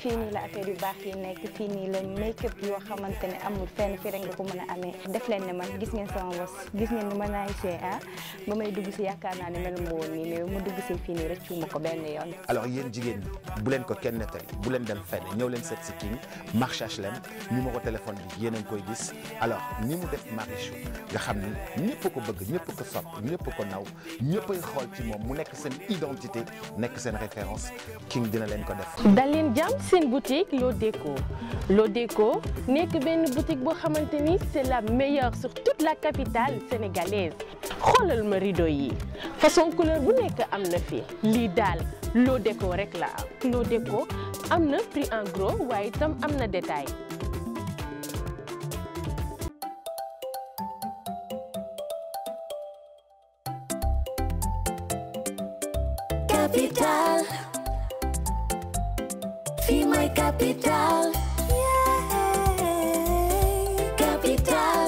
fini la affaire yu baax yi nekk fii nii la make-up yoo xamante ne amul fenn fii rek nga ko mën a amee def leen ne man gis ngeen sama bos gis ngeen ni ma naay see ah ba may dugg si yaakaar naa ne meluma woon nii mais mu dugg si fii nii rek rëccu ko benn yoon alors yéen jigéen ñi bu leen ko kenn nettali bu leen dem fenn ñëw leen seet si King marché HLM numéro téléphone bi yéen a koy gis alors ni mu def Marichou nga xam ni ñëpp ko bëgg ñëpp ko sopp ñëpp ko naw ñëppay xool ci moom mu nekk seen identité nekk seen référence King dina leen ko def dal leen jàmm c'est une boutique Lodeco Lodeco nekk benn boutique boo xamante c'est la meilleure sur toute la capitale sénégalaise xoolal le rideau yi façon couleur bu nekk que na fi lii daal Lodeco rek la Lodeco am prix en gros waaye itam am détail мой капитал Капитал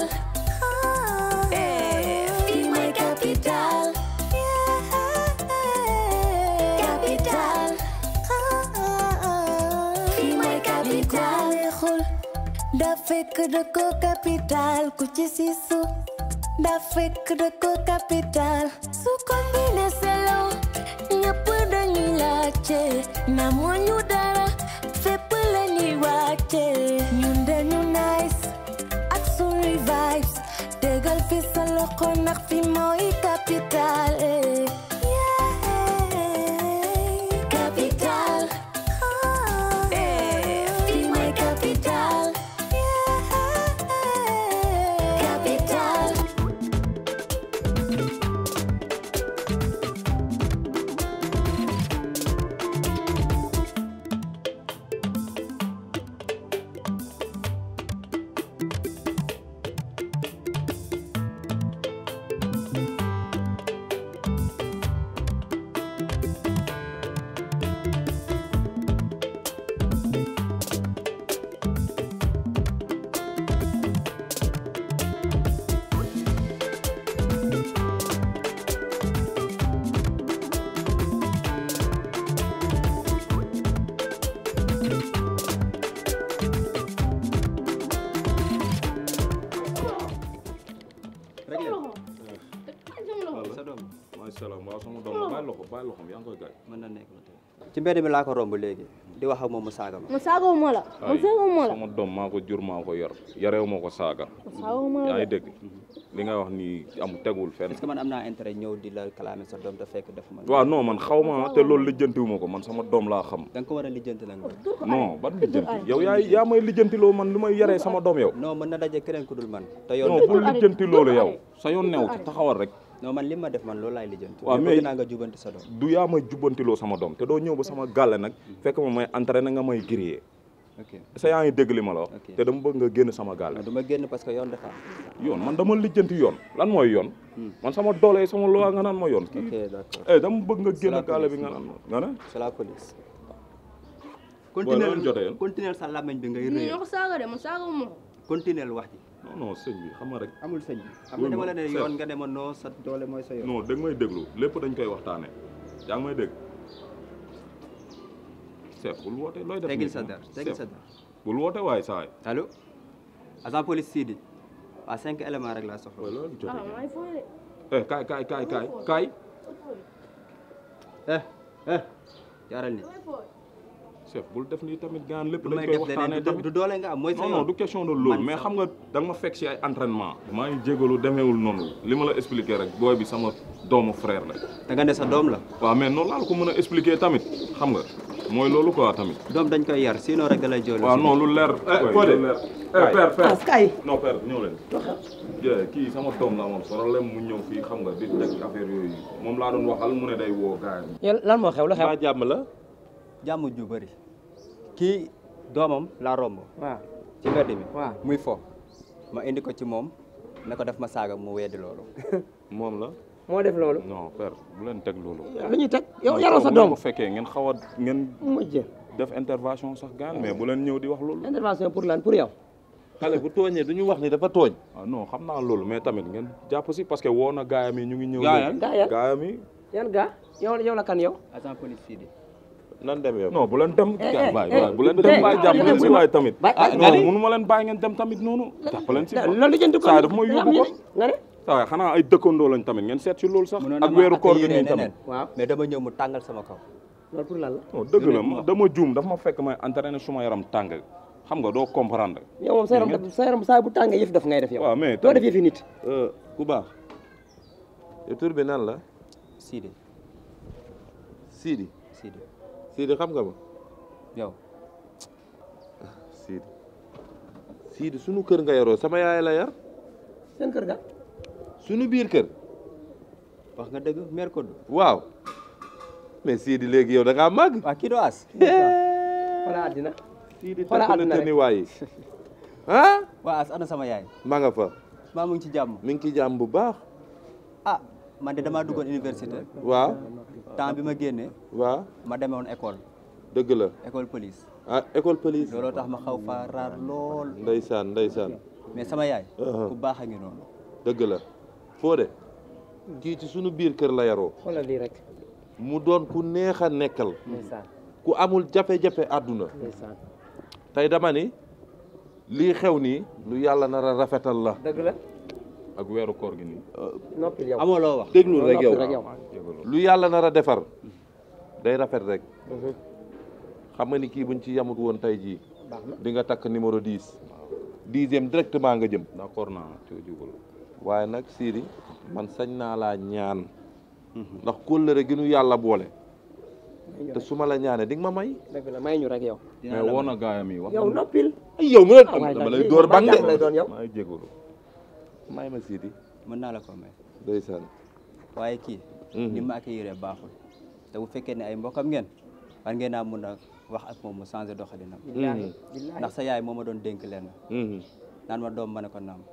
Ты мой капитал Капитал Ты мой капитал Da fekk da ko capital ku ci sisu Da fekk da capital su combine selo ñëpp dañuy laajte na moñu dara to nakfi nelaw ma sama doom ba loxo ba loxo yaa ngi koy gaay mën na nekk la tey ci mbedd mi laa ko romb léegi di wax ak moom mu saaga la la sama doom maa ko jur maa ko yor yareew ma ko saaga saagaw ma la yaa ngi dégg li nga wax ni am tegul fenn est-ce que man am naa intérêt ñëw di la sama doom laa xam da nga ko war a lijjanti nag non ban lijjanti yow yaay yaa sama doom yow non mën na daje keneen man te yow non bul lijjanti loolu yow sa yoon rek non man li ma def man loolu laay lijjanti. waaw mais naa nga jubanti sa doom. du yaa may jubantiloo sama doom te doo ñëw ba sama gàlle nag fekk ma may entraîné nga may grillé. ok sa yaa ngi dégg li ma la wax. te dama bëgg nga génn sama gàlle. du génn parce que yoon dafa yoon man lijjanti yoon lan mooy yoon. Hmm. man sama doole sama loi nga naan ma yoon. ok eh, dama bëgg nga génn gàlle bi nga naan ma nga ne. c'est la police. continuer continuer sa làmmiñ bi ngay rëy. yow saaga de mu saaga mu. continuer wax ji. non non sëñ bi xam nga rek. amul sëñ bi xam nga dama nga demoon noo sa doole mooy sa yoon. non dégg may déglu lépp dañ koy waxtaane yaa ngi may dégg. chef bul looy def. tegil sa dara tegil sa dara bul woote waaye saay. allo. agent police Sidi waa cinq éléments rek la soxla. waaw loolu jotee ah eh, kaay kaay kaay kaay kaay. chef bul def nii tamit gaan lépp dañ koy waxtaanee tamit du doole nga am mooy du question loolu mais xam nga da ma fekk si ay entraînement maa ngi jégalu demeewul noonu li ma la expliqué rek booy bi sama doomu frère la da nga ne sa doom la waaw mais noonu laa la ko mën a expliqué tamit xam nga mooy loolu quoi tamit doom dañ koy yar sinon rek da lay joolu waaw lu leer eh, Codé eh, père père kay non père ñëw leen kii sama doom la moom problème mu ñëw fii xam nga di teg affaire yooyu moom laa mu ne day woo la jamu ju bari ki domam la rombo wa ci mbedd mi. wa muy fo ma indi ko ci mom nako ko def ma saga mu wedd lolu mom la. mo def lolu non père bu len tek lolu ya, luñu tek yow yaro sa dom bu fekkee ngeen xaw ngeen. mujj def intervention sax gaan mais bu len ñew di wax lolu intervention pour lan pour yow. xale bu tooñee duñu wax ni dafa tooñ. ah non xamna lolu mais tamit ngeen japp ci parce que wona na ñu ngi ñew gaayam yan ga yow yow la kan yow. agent police Sidi. nan dem yow non bu leen dem. Eh, eh, eh, waay bu leen dem waay jàpp leen si waay tamit. ah non mënu ma leen bàyyi ngeen dem tamit noonu. jàpp leen si quoi loolu jënd ko saa daf may yóbbu ko. waaw xanaa ay dëkkandoo lañ tamit ngeen seet si loolu sax. ak weeru koor gi nii tamit waaw mais dama ñëw mu tàngal sama kaw. loolu pour lan la. dëgg la dama juum dafa ma fekk may entraîné suma yaram tàng. xam nga doo comprendre. yow moom sa yaram sa yaram saa bu tàngee yëf daf ngay def yow. waaw mais doo def yëfi nit. ku euh, baax tur bi nan la. Sidi Sidi. Sidi xam nga ma yow Sidi Sidi sunu kër nga yaroo sama yaay la yar seen kër ga sunu biir kër wax nga dëgg mer ko du waaw mais Sidi léegi yow da ngaa màgg waaw kii doo as xoolal àddina Sidi takk na waayi ah waa as ana sama yaay maa nga fa maa mu ngi ci jàmm mi ngi ci jàmm bu baax man de damaa duggoon université. waaw temps bi ma génnee. waaw ma demoon école. dëgg la école police. ah école police. looloo tax ma xaw fa raar lool. ndeysaan ndeysaan. mais sama yaay. Uh-huh. ku baax a ngi noonu. dëgg la foode de kii ci sunu biir kër la yaroo. wala rek. mu doon ku neex a nekkal. ku amul jafe-jafe àdduna. tey dama ni lii xew nii lu yàlla nar rafetal la. dëgg la. ak weeru koor gi ni noppi yow amoo wax deglu rek yow lu yalla nar a defar day rafet rek. Mhm. xam nga ni ki buñ ci yamut won tay ji di nga tak numéro 10. 10 dixième directement nga jëm. d'accord djugul waye nak Siri man sañ na la ñaan. Mhm. ndax kóllëre gi nu yalla boole. te suma la ñaané di nga ma may. dëgg la may ñu rek yow. mais woo na gaayam yi wax. yow noppil. yow mu ne ah, dama lay door bànq. maa ngi jégalu may ma Sidi. mën naa la ko may. ndeysaan. waaye kii. Mhm. ni ma accueillir baaxul. te bu fekkee ne ay mbokam ngeen war ngeen naa mun a wax ak moom mu changé doxalinam. Mhm. ndax sa yaay moom ma doon denk leen. Mhm. naan ma doom ma ne ko naam.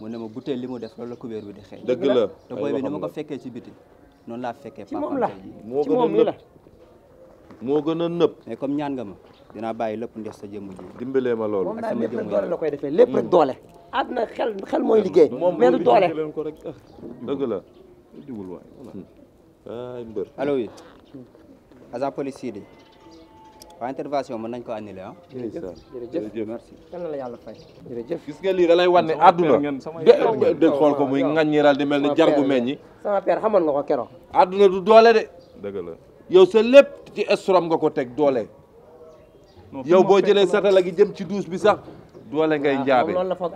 ne ma butéel li mu def loolu la kubéer bi di xëy. dëgg la te booy bi ni ma ko fekkee ci biti noonu laa fekkee. ci moom la moo gën a nëb. mais comme ñaan nga ma dinaa bàyyi lépp ndex sa jëmm ji. dimbalee ma loolu a sama jëmm la koy defee lépp rek àdduna xel xel mooy liggéey. mais du doole dëgg la. jubul waay voilà. Hmm. mbër allo oui. agent policier de waa intervention mën nañ ko annulé ah. jërëjëf merci. la yàlla fay. jërëjëf wan ne àdduna. muy ŋaññiral di mel ni jargu meññi. sama père xamoon nga ko keroog. àdduna du doole de. dëgg la yow sa lépp ci estrom nga ko teg doole. yow boo jëlee satala gi jëm ci douche bi sax. doole ngay njaabe ah, loolu la foog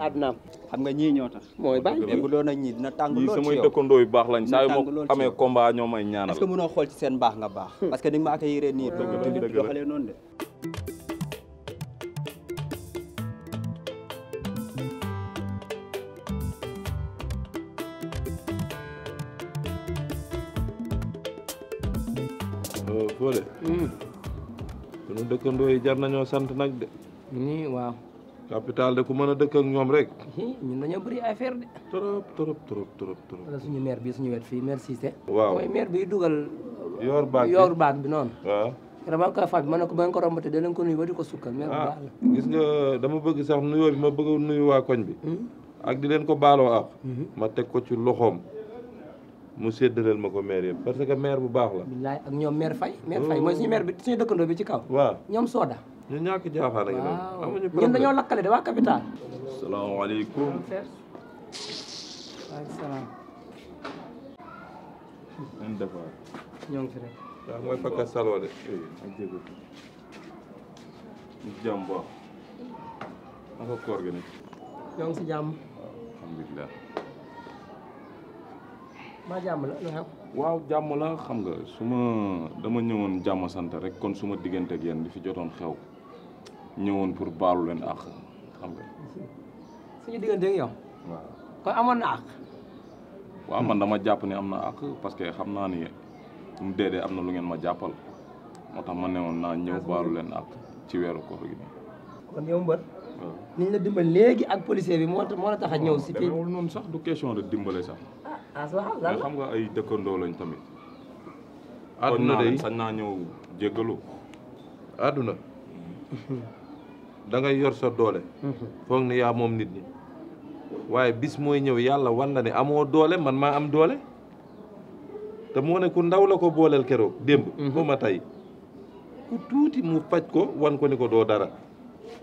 xam nga ñii ñoo mooy bàyyi mais ñii dina tàng lool ñii samay dëkkandoo yu baax lañ saa yu ma amee combat ñoo may ñaanal est-ce que mënoo xool ci seen baax nga baax hmm. parce que ni nga ma accueillir nii dëgg la doxalee de oh, Fodé hmm. sunu dëkkandoo yi jar nañoo sant nag de nii waaw capital de ku mën a dëkk ak ñoom rek. ñun dañoo bëri affaire de. trop trop trop trop trop. wala suñu maire bi suñu wet fii maire Cissé. waaw mooy maire biy dugal. yor baag bi yor baag bi noonu. waaw. vraiment ka fàgg ma ne ko ba nga ko rombatee danañ ko nuyu ba di ko sukkal. maire bu baax la gis nga dama bëgg sax nuyoo bi ma bëgg nuyu waa koñ bi. ak di leen ko baaloo ak. Hmm. ma teg ko ci loxoom. mu séddaleel ma ko maire yëpp ya. parce que maire bu baax la. billaay ak ñoom maire Faye. Oh. maire Faye mooy suñu maire bi suñu dëkkandoo bi ci kaw. waaw ñoom Soda ñu ñàkk jaaxaan ngi noonu amuñu problème ñun dañoo lakkale de waa capital salaamaaleykum waaleykum salaam nañ defaat ñoo ngi fi rek waaw mooy fakka saloo de ak jéego ñu jam bu naka koor gi ni ñoo jam si jam? jam maa jam la lu xew waaw jam la xam nga su jam dama ñëwoon jam sant rek kon su ma ak yéen li fi jotoon xew ñëwoon pour balu len ak xam nga. suñu diggante ak yow. waaw ya? nah. kon amoon na àq. man dama japp ni amna ak parce que xamna ni mu dee amna lu ngeen ma jappal motax man ma na ñew balu len ak ci wéru ko gi. kon yow mbër. ni la dimbal léegi ak policier bi mo mo la tax ñew ci si fii. demewul sax du question de dimbalé sax. ah mais xam nga ay dëkkandoo lañ tamit. aduna day sañ na ñew jéggalu aduna da ngay yor sa doole mhm. foog ne yaa moom nit ñi waaye bis mooy ñëw yàlla wan la ne amoo doole man maa am doole te moo ne ku ndaw la ko booleel keroog démb mhm. ba ma tey ku tuuti mu faj ko wan ko ni ko doo dara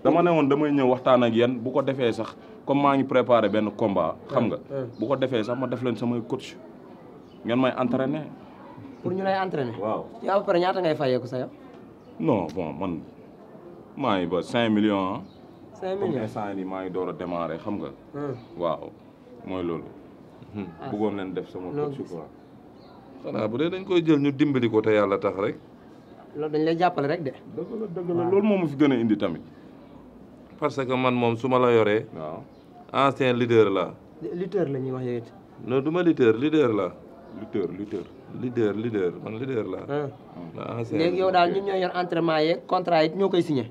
dama ne woon damay ñëw waxtaan ak yéen bu ko defee sax comme maa ngi préparé benn combat xam nga bu ko defee sax ma def leen samay coach ngeen may entraîné pour ñu lay entraîné waaw yaa ba pare ñaata ngay fayeeku sa yow non bon man maa ngi ba cinq millions ah. cinq millions comme instant nii ngi door a démarrer xam nga. Hmm. waaw mooy loolu. Hmm. Ah. buggoon leen def sama coach quoi. xanaa bu dee dañ koy jël ñu dimbali ko te yàlla tax rek. loolu dañ lay jàppale rek de. loolu moom mu fi gën a indi tamit. parce que man moom su ma la yoree. waaw ancien leader la. lutteur la ñuy wax yooyu non du ma lutteur leader la. lutteur lutteur. leader leader man leader la. waaw hmm. léegi yow daal ñun ñoo yor entraînement yeeg contrat yi ñoo koy signé.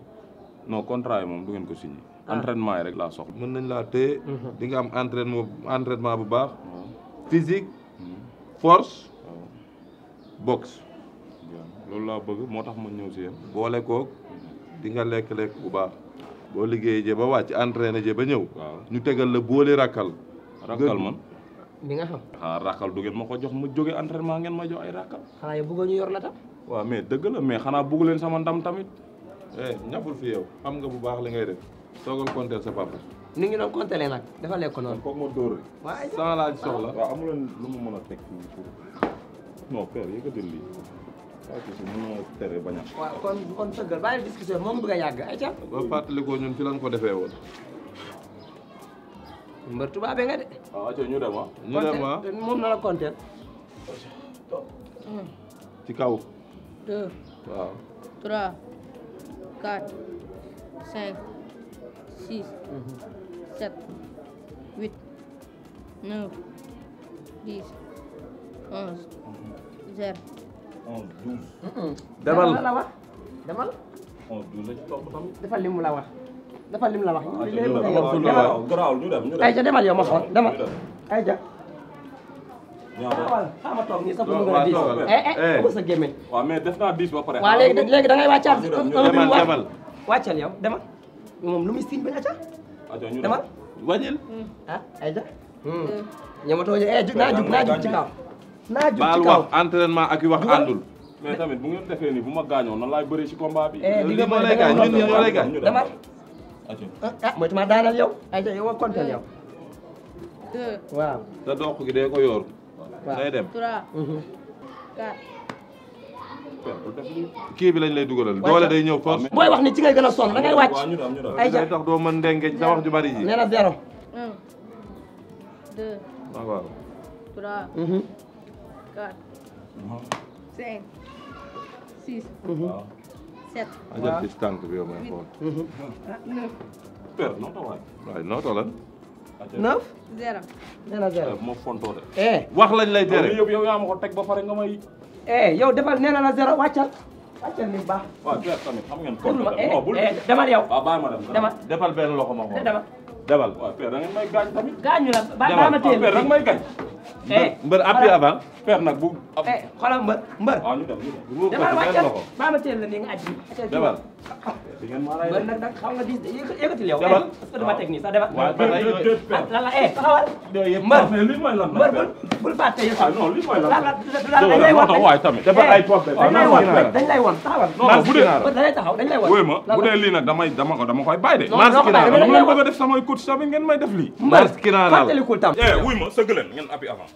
non contrat mom du ngeen ko signé. Ah. entraînement rek la sox meun nañ la té mhm. di nga am entraînement entraînement bu baax. Mhm. physique. Mhm. force. box lool la bëgg motax ma ñëw si yéen. boole ko di nga lekk lekk bu baax. bo liggéey jee ba wacc entraîner jee ba ñëw. ñu tégal la boole rakal rakal man di nga xam. ah rakal du ngeen mako jox mu joggé entraînement ngeen ma jox ay rakal xala yow bëggoon ñu yor la tam. wa mais deug la mais xana bëggu leen sama ndam tamit. eh ñàkkul fi yow xam nga bu baax li ngay def toogal compter sa papa. ni ngi doon compter nag dafa lekk noonu. ko ma dóor rek. waaye sans laaj soxla. waaw amuloon lu mu mën a teg fii pour non père yëkkatil lii. waaw kii mën na tere bañ a. waaw kon kon sëggal bàyyi discussion moom bëgg a yàgg ayca. ba fàttalikoo ñun fi lañ ko defee woon. mbër tubaab nga de. waaw ñu dem ah. ñu dem ah moom na la compter. ci kaw. deux. waaw. 4 5 6 7 8 9 10 11 0 11 12 demal la wax demal 11 12 defal li mu la wax defal li mu la wax ñu ay ca demal yow ma xool demal ay ca waaw ah, xaaral ah, ma toog nii sax bu mu a sa gémmiñ. waaw mais def naa diis ba pare. waaw ah, léegi léegi da ngay wàccaat. demal demal wàccal demal. moom lu muy siñ bañ a ca. demal wàññil. Hmm. ah ayca. Hmm. Euh. ñamatoo ñu eh jug naa naa jug ci kaw. naa jug ci kaw baal wax ak yu wax àndul. mais tamit bu ngeen defee nii bu ma gaañoo noonu laay bëree ci combat bi. Eh, li nga lay gaañ ñun ñoo lay demal. ah mooy tamit daaneel yow. ayca yow kontaan yow. waaw. te ko yor. day dem mhm. kii bi lañ lay dugalal doole day ñëw force. booy wax ni ci ngay gën a sonn da ngay wàcc. ay ja day tax doo mën ndengeñ sa wax ju bari ji. nee na zéro. un deux. Ah, waaw. trois. Mhm. quatre. Mhm. cinq. six. sept. waaw ajal ci tànk bi yow may xool. neuf. neuf. zéro. nee na zéro ah, moo fontoo de. Eh. wax lañ lay tere yow yow yaa ma ko teg ba pare nga may. Eh, yow defal nee na la zéro a wàccal ni baax. waaw tu tamit xam ngeen. pour ma eh, oh, demal yow. waaw bàyyi ma dem demal defal benn loxo ma xool. demal. demal waaw père da ngeen may gaañ tamit. gaañu la ba ma téye may Eh, mbër appui avant. fer nag bu. Eh, xoolal mbër mbër. waaw ah, ñu dem ñu dem maa ma teel la nii nga aji. demal mbër nag nag xam nga di yëkkati yow. demal eh, parce que dama ah. teg nii sax demal. waaw dama yëg deux fer ah, lan la eh taxawal. mbër lii mooy lan la. mbër bul fàtte yëf. ah non lii mooy lan la. dañ lay won waay tamit. defal ay pompes dañ lay won dañ lay won taxawal. non bu dee dañ lay taxaw dañ lay won. wóoy ma bu dee lii nag damay dama ko dama koy bàyyi de. non non ko bàyyi de dama leen bëgg a def samay coach sabi ngeen may def lii. mbër fàttalikul tam. eh wuy ma sëgg leen ngeen appui avant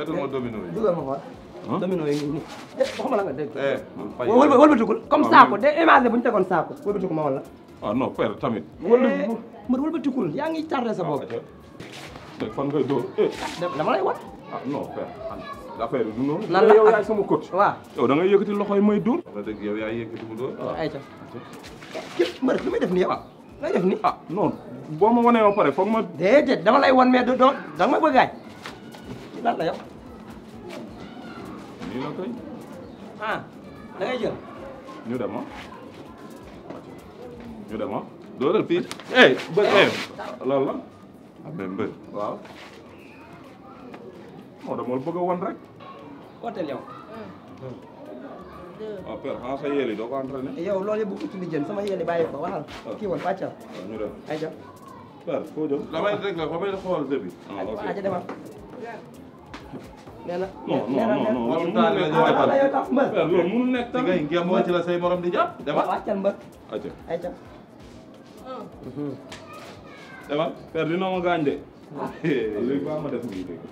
seetul ma domino yi dugal ma xool domino yi nii waxuma la nga dégg wëlbatikul comme saako de imagé bu ñu tegoon saako wëlbatiku ma wala ah non père tamit mbër wëlbatikul yaa ngi tardé sa bopp fan ngay dóor dama lay wax ah non père affaire bi du noonu. lan la yow yaay sama coach. waaw yow da ngay yëkkati loxo yi may dóor. wax dëgg yow yaay yëkkati mu dóor. waaw ayca képp mbër lu may def nii yow. ngay def nii ah non boo ma wanee ba pare foog ma. déedéet dama lay wan mais doo doo danga ma bëgg a gaañ lan e. la yow. nilakay ah da ngay jël ñu dem ah ñu dem ah dóoral fii eh bë eh loolu la amee mbër waaw moo dama bëgg a wan rek otel yow waaw père xanaa sa yéeli doo ko entraîné yow loolu yëpp bu ci lijjën sama yéeli bàyyi ko waxal kii woon pàccal ñu dem ay ja père foo jëm damay rek la fa may xool début ah ok nee na non non non loolu mënul nekk tam ngay ngemboo ci la say morom di jàpp demal wàccal mbër ayca mm-hmm. demal fer di noo ma gaañ de ah. léegi ba ma def nii dégg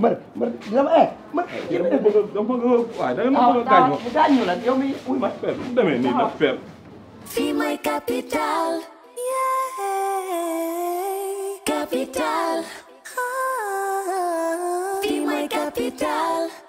mbër mbër dina ma eh mbër. Ah, yéen a bëgg a waaye da nga bëgg a gaañ wax ah, gaañ ñu la yow mi wuy ma. fer demee nii nag fer. fii mooy capital. capital. Oh, oh, oh. Be my capital.